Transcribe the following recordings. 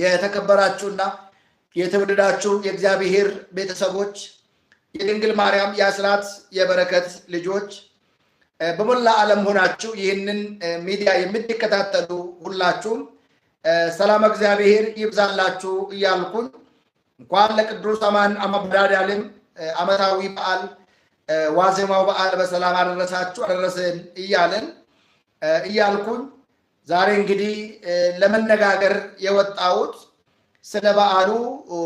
የተከበራችሁና የተወደዳችሁ የእግዚአብሔር ቤተሰቦች የድንግል ማርያም የአስራት የበረከት ልጆች በሞላ ዓለም ሆናችሁ ይህንን ሚዲያ የምትከታተሉ ሁላችሁም ሰላም እግዚአብሔር ይብዛላችሁ እያልኩኝ እንኳን ለቅዱስ አማን አማበዳዳልም ዓመታዊ በዓል ዋዜማው በዓል በሰላም አደረሳችሁ አደረሰን እያልን እያልኩኝ ዛሬ እንግዲህ ለመነጋገር የወጣሁት ስለ በዓሉ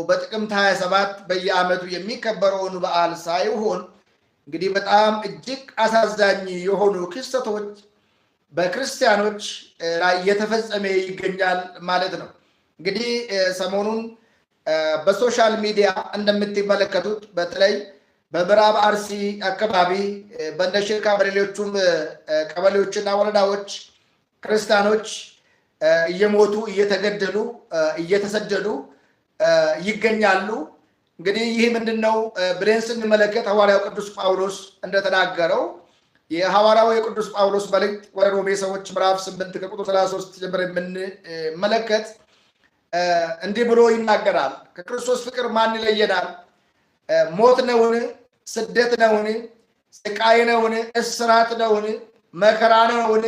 በጥቅምት 27 በየዓመቱ የሚከበረውን በዓል ሳይሆን እንግዲህ በጣም እጅግ አሳዛኝ የሆኑ ክስተቶች በክርስቲያኖች ላይ እየተፈጸመ ይገኛል ማለት ነው። እንግዲህ ሰሞኑን በሶሻል ሚዲያ እንደምትመለከቱት በተለይ በምዕራብ አርሲ አካባቢ በእንደ በሌሎቹም ቀበሌዎችና ወረዳዎች ክርስቲያኖች እየሞቱ እየተገደሉ እየተሰደዱ ይገኛሉ። እንግዲህ ይህ ምንድን ነው ብለን ስንመለከት ሐዋርያው ቅዱስ ጳውሎስ እንደተናገረው የሐዋርያው የቅዱስ ጳውሎስ መልእክት ወደ ሮሜ ሰዎች ምዕራፍ 8 ከቁጥር 33 ጀምር የምንመለከት እንዲህ ብሎ ይናገራል። ከክርስቶስ ፍቅር ማን ይለየናል? ሞት ነውን? ስደት ነውን? ስቃይ ነውን? እስራት ነውን? መከራ ነውን?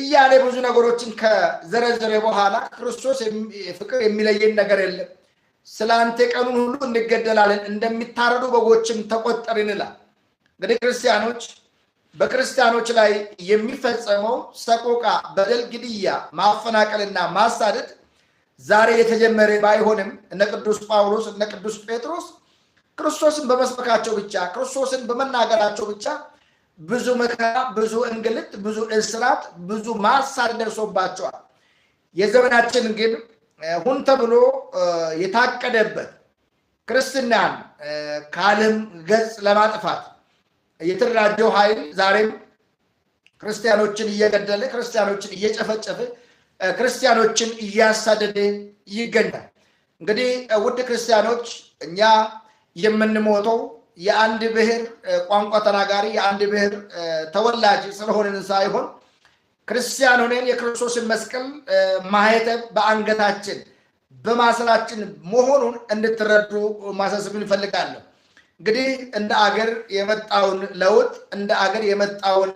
እያለ ብዙ ነገሮችን ከዘረዘረ በኋላ ክርስቶስ ፍቅር የሚለየን ነገር የለም፣ ስለ አንተ ቀኑን ሁሉ እንገደላለን፣ እንደሚታረዱ በጎችም ተቆጠርን ይላል። እንግዲህ ክርስቲያኖች በክርስቲያኖች ላይ የሚፈጸመው ሰቆቃ፣ በደል፣ ግድያ፣ ማፈናቀልና ማሳደድ ዛሬ የተጀመረ ባይሆንም እነ ቅዱስ ጳውሎስ እነ ቅዱስ ጴጥሮስ ክርስቶስን በመስበካቸው ብቻ ክርስቶስን በመናገራቸው ብቻ ብዙ መከራ፣ ብዙ እንግልት፣ ብዙ እስራት፣ ብዙ ማሳር ደርሶባቸዋል። የዘመናችን ግን ሁን ተብሎ የታቀደበት ክርስትናን ከዓለም ገጽ ለማጥፋት የተደራጀው ኃይል ዛሬም ክርስቲያኖችን እየገደለ ክርስቲያኖችን እየጨፈጨፈ ክርስቲያኖችን እያሳደደ ይገኛል። እንግዲህ ውድ ክርስቲያኖች እኛ የምንሞተው የአንድ ብሔር ቋንቋ ተናጋሪ የአንድ ብሔር ተወላጅ ስለሆነን ሳይሆን ክርስቲያን ሆነን የክርስቶስን መስቀል ማህተብ በአንገታችን በማሰራችን መሆኑን እንድትረዱ ማሳሰብ እንፈልጋለሁ። እንግዲህ እንደ አገር የመጣውን ለውጥ እንደ አገር የመጣውን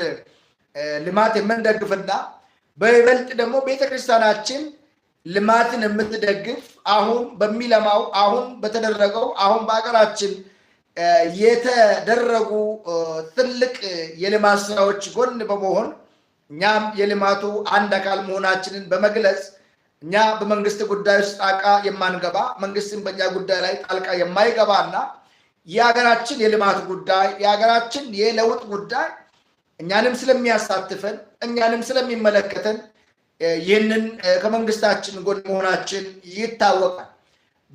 ልማት የምንደግፍና በይበልጥ ደግሞ ቤተክርስቲያናችን ልማትን የምትደግፍ አሁን በሚለማው አሁን በተደረገው አሁን በሀገራችን የተደረጉ ትልቅ የልማት ስራዎች ጎን በመሆን እኛም የልማቱ አንድ አካል መሆናችንን በመግለጽ እኛ በመንግስት ጉዳይ ውስጥ ጣልቃ የማንገባ መንግስትን በእኛ ጉዳይ ላይ ጣልቃ የማይገባ እና የሀገራችን የልማት ጉዳይ የሀገራችን የለውጥ ጉዳይ እኛንም ስለሚያሳትፈን እኛንም ስለሚመለከተን ይህንን ከመንግስታችን ጎን መሆናችን ይታወቃል።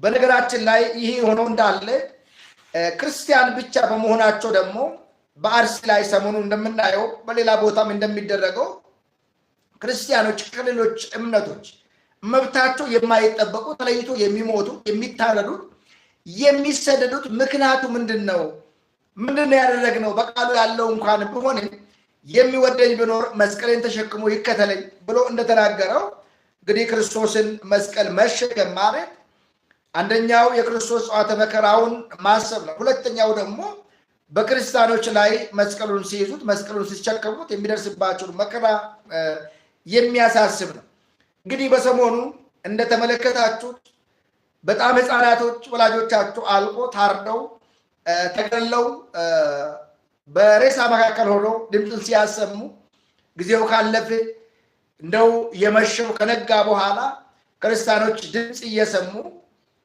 በነገራችን ላይ ይሄ ሆኖ እንዳለ ክርስቲያን ብቻ በመሆናቸው ደግሞ በአርሲ ላይ ሰሞኑ እንደምናየው በሌላ ቦታም እንደሚደረገው ክርስቲያኖች ከሌሎች እምነቶች መብታቸው የማይጠበቁ ተለይቶ የሚሞቱ የሚታረዱት፣ የሚሰደዱት ምክንያቱ ምንድን ነው? ምንድን ነው ያደረግነው? በቃሉ ያለው እንኳን ብሆን የሚወደኝ ብኖር መስቀልን ተሸክሞ ይከተለኝ ብሎ እንደተናገረው እንግዲህ ክርስቶስን መስቀል መሸከም ማለት አንደኛው የክርስቶስ ጸዋተ መከራውን ማሰብ ነው። ሁለተኛው ደግሞ በክርስቲያኖች ላይ መስቀሉን ሲይዙት፣ መስቀሉን ሲቸከሙት የሚደርስባቸውን መከራ የሚያሳስብ ነው። እንግዲህ በሰሞኑ እንደተመለከታችሁት በጣም ሕፃናቶች ወላጆቻቸው አልቆ ታርደው ተገለው በሬሳ መካከል ሆኖ ድምፅን ሲያሰሙ ጊዜው ካለፍ እንደው የመሸው ከነጋ በኋላ ክርስቲያኖች ድምፅ እየሰሙ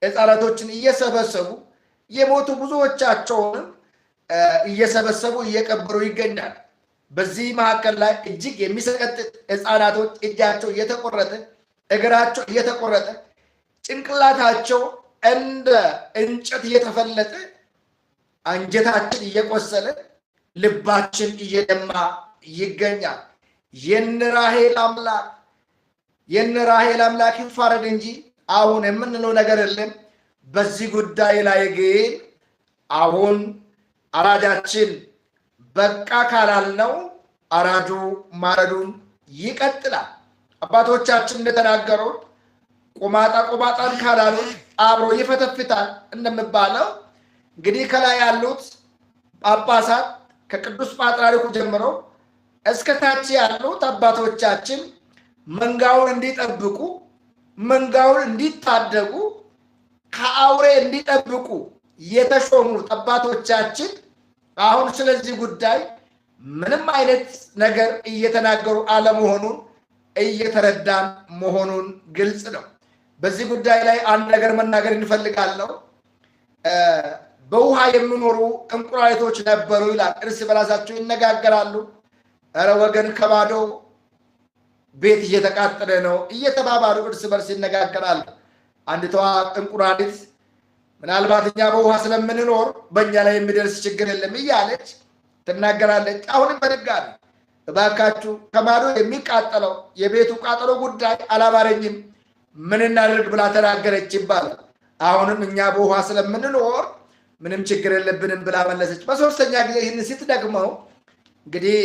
ሕፃናቶችን እየሰበሰቡ የሞቱ ብዙዎቻቸውንም እየሰበሰቡ እየቀበሩ ይገኛል። በዚህ መካከል ላይ እጅግ የሚሰቀጥጥ ሕፃናቶች እጃቸው እየተቆረጠ እግራቸው እየተቆረጠ ጭንቅላታቸው እንደ እንጨት እየተፈለጠ አንጀታችን እየቆሰለ ልባችን እየደማ ይገኛል። የእነ አምላክ የእነ አምላክ ይፋረድ እንጂ አሁን የምንለው ነገር የለም። በዚህ ጉዳይ ላይ ግን አሁን አራዳችን በቃ ካላልነው አራዱ ማረዱን ይቀጥላል። አባቶቻችን እንደተናገሩት ቁማጣ ቁማጣን ካላሉት አብሮ ይፈተፍታል እንደሚባለው እንግዲህ ከላይ ያሉት ጳጳሳት ከቅዱስ ፓትርያርኩ ጀምሮ እስከታች ያሉት አባቶቻችን መንጋውን እንዲጠብቁ መንጋውን እንዲታደጉ ከአውሬ እንዲጠብቁ የተሾሙ ጠባቶቻችን አሁን ስለዚህ ጉዳይ ምንም አይነት ነገር እየተናገሩ አለመሆኑን እየተረዳን መሆኑን ግልጽ ነው። በዚህ ጉዳይ ላይ አንድ ነገር መናገር እንፈልጋለሁ። በውሃ የሚኖሩ እንቁራሪቶች ነበሩ ይላል። እርስ በራሳቸው ይነጋገራሉ። እረ ወገን ከባዶ ቤት እየተቃጠለ ነው እየተባባሉ እርስ በርስ ይነጋገራል። አንዲቷ እንቁራሪት ምናልባት እኛ በውሃ ስለምንኖር በእኛ ላይ የሚደርስ ችግር የለም እያለች ትናገራለች። አሁንም በድጋሚ እባካችሁ ከማዶ የሚቃጠለው የቤቱ ቃጠሎ ጉዳይ አላማረኝም፣ ምን እናድርግ ብላ ተናገረች ይባላል። አሁንም እኛ በውሃ ስለምንኖር ምንም ችግር የለብንም ብላ መለሰች። በሶስተኛ ጊዜ ይህን ስትደግመው እንግዲህ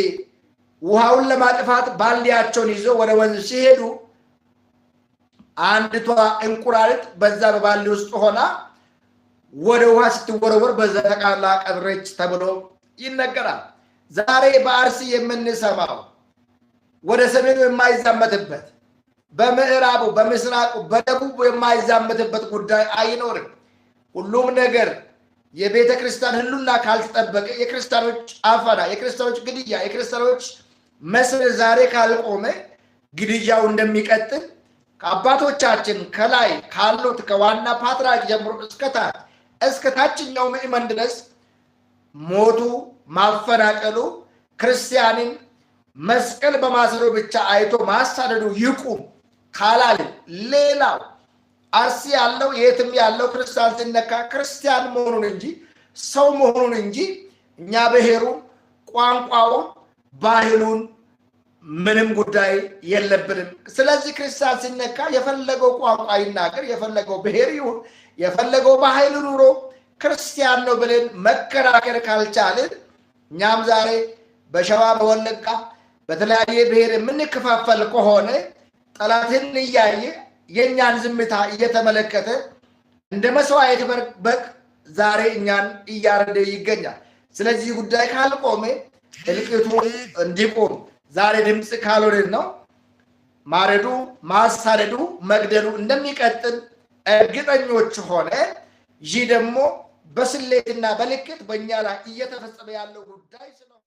ውሃውን ለማጥፋት ባልዲያቸውን ይዘው ወደ ወንዝ ሲሄዱ አንድቷ እንቁራሪት በዛ በባልዲ ውስጥ ሆና ወደ ውሃ ስትወረወር በዛ ተቃላ ቀብረች ተብሎ ይነገራል። ዛሬ በአርሲ የምንሰማው ወደ ሰሜኑ የማይዛመትበት በምዕራቡ፣ በምስራቁ፣ በደቡቡ የማይዛመትበት ጉዳይ አይኖርም። ሁሉም ነገር የቤተ ክርስቲያን ካልተጠበቀ የክርስቲያኖች አፈና፣ የክርስቲያኖች ግድያ፣ የክርስቲያኖች መስል ዛሬ ካልቆመ ግድያው እንደሚቀጥል ከአባቶቻችን ከላይ ካሉት ከዋና ፓትርያርክ ጀምሮ እስከታች እስከ ታችኛው ምዕመን ድረስ ሞቱ፣ ማፈናቀሉ፣ ክርስቲያንን መስቀል በማሰሩ ብቻ አይቶ ማሳደዱ ይቁም ካላልን ሌላው አርሲ ያለው የትም ያለው ክርስቲያን ሲነካ ክርስቲያን መሆኑን እንጂ ሰው መሆኑን እንጂ እኛ ብሔሩ ቋንቋውን ባህሉን ምንም ጉዳይ የለብንም። ስለዚህ ክርስቲያን ሲነካ የፈለገው ቋንቋ ይናገር፣ የፈለገው ብሔር ይሁን፣ የፈለገው ባህል ኑሮ ክርስቲያን ነው ብለን መከራከር ካልቻልን እኛም ዛሬ በሸዋ በወለጋ በተለያየ ብሔር የምንከፋፈል ከሆነ ጠላትን እያየ የእኛን ዝምታ እየተመለከተ እንደ መስዋዕት በቅ ዛሬ እኛን እያረደ ይገኛል። ስለዚህ ጉዳይ ካልቆመ እልቂቱ እንዲቆም ዛሬ ድምፅ ካልሆንን ነው ማረዱ፣ ማሳደዱ፣ መግደሉ እንደሚቀጥል እርግጠኞች ሆነ። ይህ ደግሞ በስሌትና በልክት በእኛ ላይ እየተፈጸመ ያለው ጉዳይ